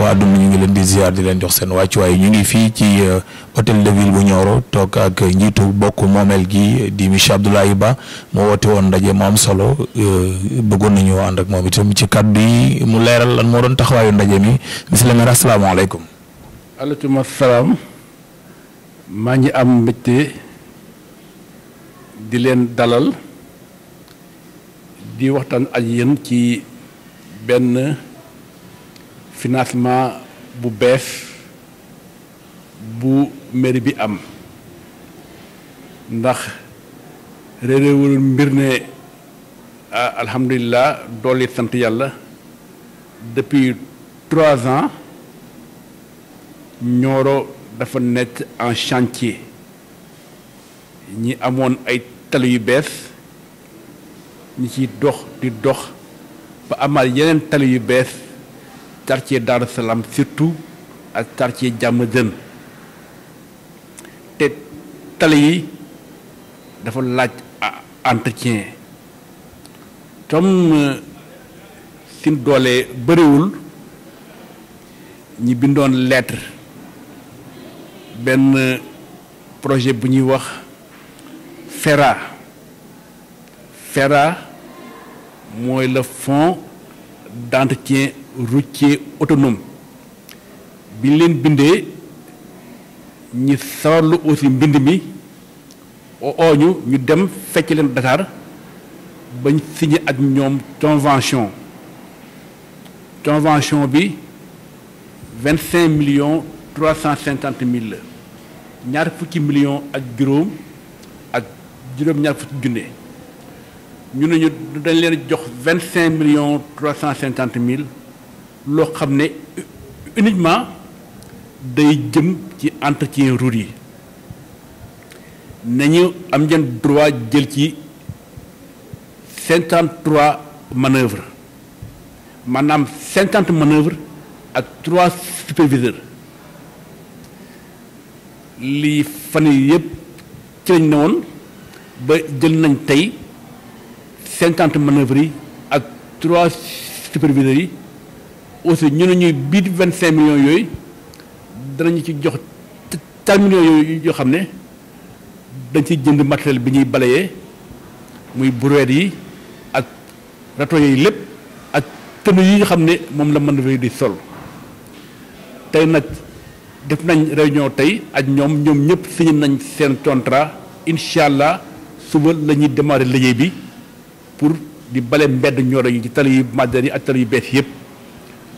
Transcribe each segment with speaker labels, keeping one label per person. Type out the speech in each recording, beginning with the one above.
Speaker 1: waa dund ñu ngi leen di ziar di leen jox seen wàccuwaay ñu ngi fii ci euh, hôtel de ville bu Nioro toog ak njiitu bokk moomeel gi di monsieur Abdoulaye Ba moo woote woon ndaje mu am solo euh, bëggoon nañu ànd ak moom itam ci kàddu yi mu leeral lan moo doon taxawaayu ndaje mi monsieur le maire asalaamaaleykum. aleykum salaam maa ngi am mbégte di leen dalal di waxtaan ak yéen ci benn. financement bu bees bu mairie bi am ndax réeréewul mbir ne alhamdulilah doli sante yalla depuis 3 ans Nioro dafa net en chantier ñi amone ay tali yu bees ñi ci dox di dox ba amal yenen tali yu quartier surtout ak quartier tali entretien comme euh, lettre Ben projet bu FERA FERA le fond d'entretien routier autonome biñ Binde, nous sommes aussi mbind mi ooñu ñu dem fecc leen dakar bañ signé ak ñoom convention convention bi 25 millions 350 000. ñaar fukki millions ak ak ñaar 25 millions 350 000. loo xam ne uniquement day jëm ci entretien route yi nañu am ngeen droit jël ci cinquante trois manœuvres maanaam cinquante manœuvres ak trois superviseurs lii fan yii yëpp ci lañ ne woon ba jël nañ tey cinquante manœuvres yi ak trois superviseurs yi. aussi ñu ne ñuy biir vingt cinq millions yooyu danañu ci jox trois millions yooyu yoo xam ne dañ ci jënd matériel bi ñuy balayee muy brouette yi ak râteau yi lépp ak tënu yi nga xam ne moom la mën a di sol tey nag def nañ réunion tey ak ñoom ñoom ñëpp signé nañ seen contrat incha allah suba lañuy demare démarrer bi pour di bale mbedd ñooro yi ci tali yu màggat yi ak tali yu bees yëpp.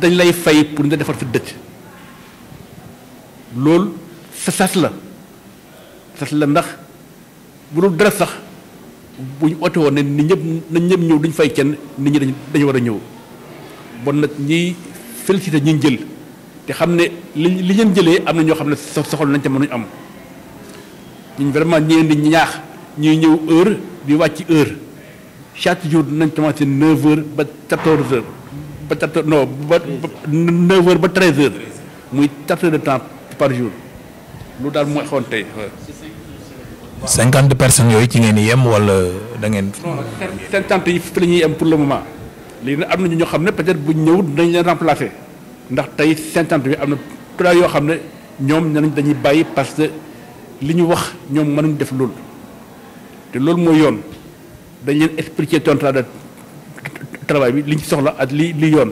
Speaker 1: dañ lay fay pour nga defar fi dëkk loolu sa sas la sas la ndax bu dul dara sax bu ñu oote woon ne ni ñëpp nañ ñëpp ñëw duñ fay kenn nit ñi dañ dañu war a ñëw bon nag ñiy félicité ñi jël te xam ne li li ñeen jëlee am na ñoo xam ne soxla nañ ca mënuñ am ñu vraiment ñeen di ñaax ñuy ñëw heure di wàcc heure chaque jour dinañ commencé 9 heures ba 14 heures. ba quatre non ba neuf heures ba treize heures muy quatre heures de temps par jour lu daal mooy xoon tey cinquante personnes yooyu ci ngeen yem wala da ngeen cinquante yi fi la ñuy yem pour le moment léegi nag am na ñu ñoo xam ne peut être bu ñëw dañ leen remplacer ndax tey cinquante bi am na trois yoo xam nañ dañuy bàyyi parce que li ñu wax ñoom mënuñ def loolu te loolu mooy yoon dañ leen expliquer contrat de travail bi li ci soxla ak li li yoon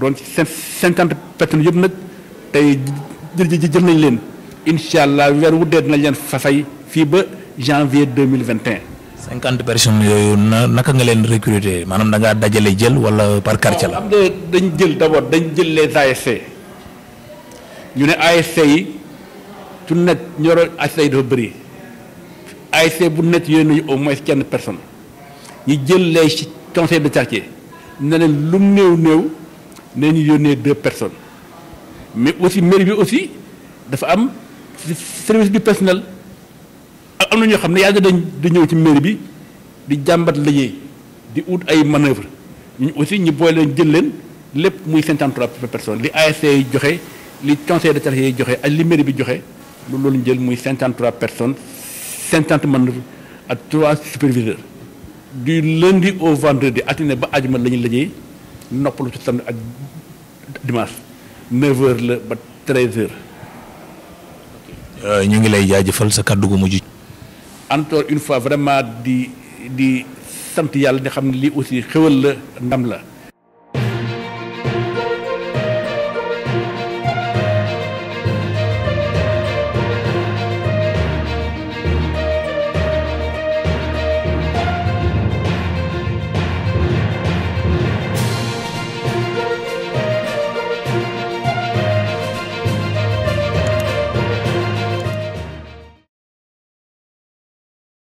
Speaker 1: doon ci cinquante personnes yëpp nag tey jël nañ leen incha allah weer wu dee dinañ leen fa say fii ba janvier deux mille vingt et un cinquante yooyu na naka nga leen recruter maanaam da ngaa dajale jël wala par quartier la. dañ jël d' abord dañ jël les ASC ñu ne ASC yi su nekk ñoro ASC yi dafa bëri ASC bu nekk yooyu nañu au moins kenn personne ñu jël les conseil de quartier nous leen lu néew néew deux personnes mais aussi mairie bi aussi dafa am service du personnel am na ñoo xam ne yàgg dañ di ñëw ci mairie bi di jàmbat liggéey di ut ay manœuvre aussi ñu boole leen jël leen muy 53 personnes li ASC les conseils li conseil de travail, les joxe ak li mairie bi joxe loolu jël muy 53 personnes 50 manœuvres et 3 superviseurs. du lundi au vendredi altine ba àjjuma la ñu la noppalu ci samedi ak dimanche 9h la ba 13h. Euh, ñu ngi lay jaajëfal sa kàddu gu mujj. encore une fois vraiment di di sant yàlla di xam ne lii aussi xéwal la ndam la.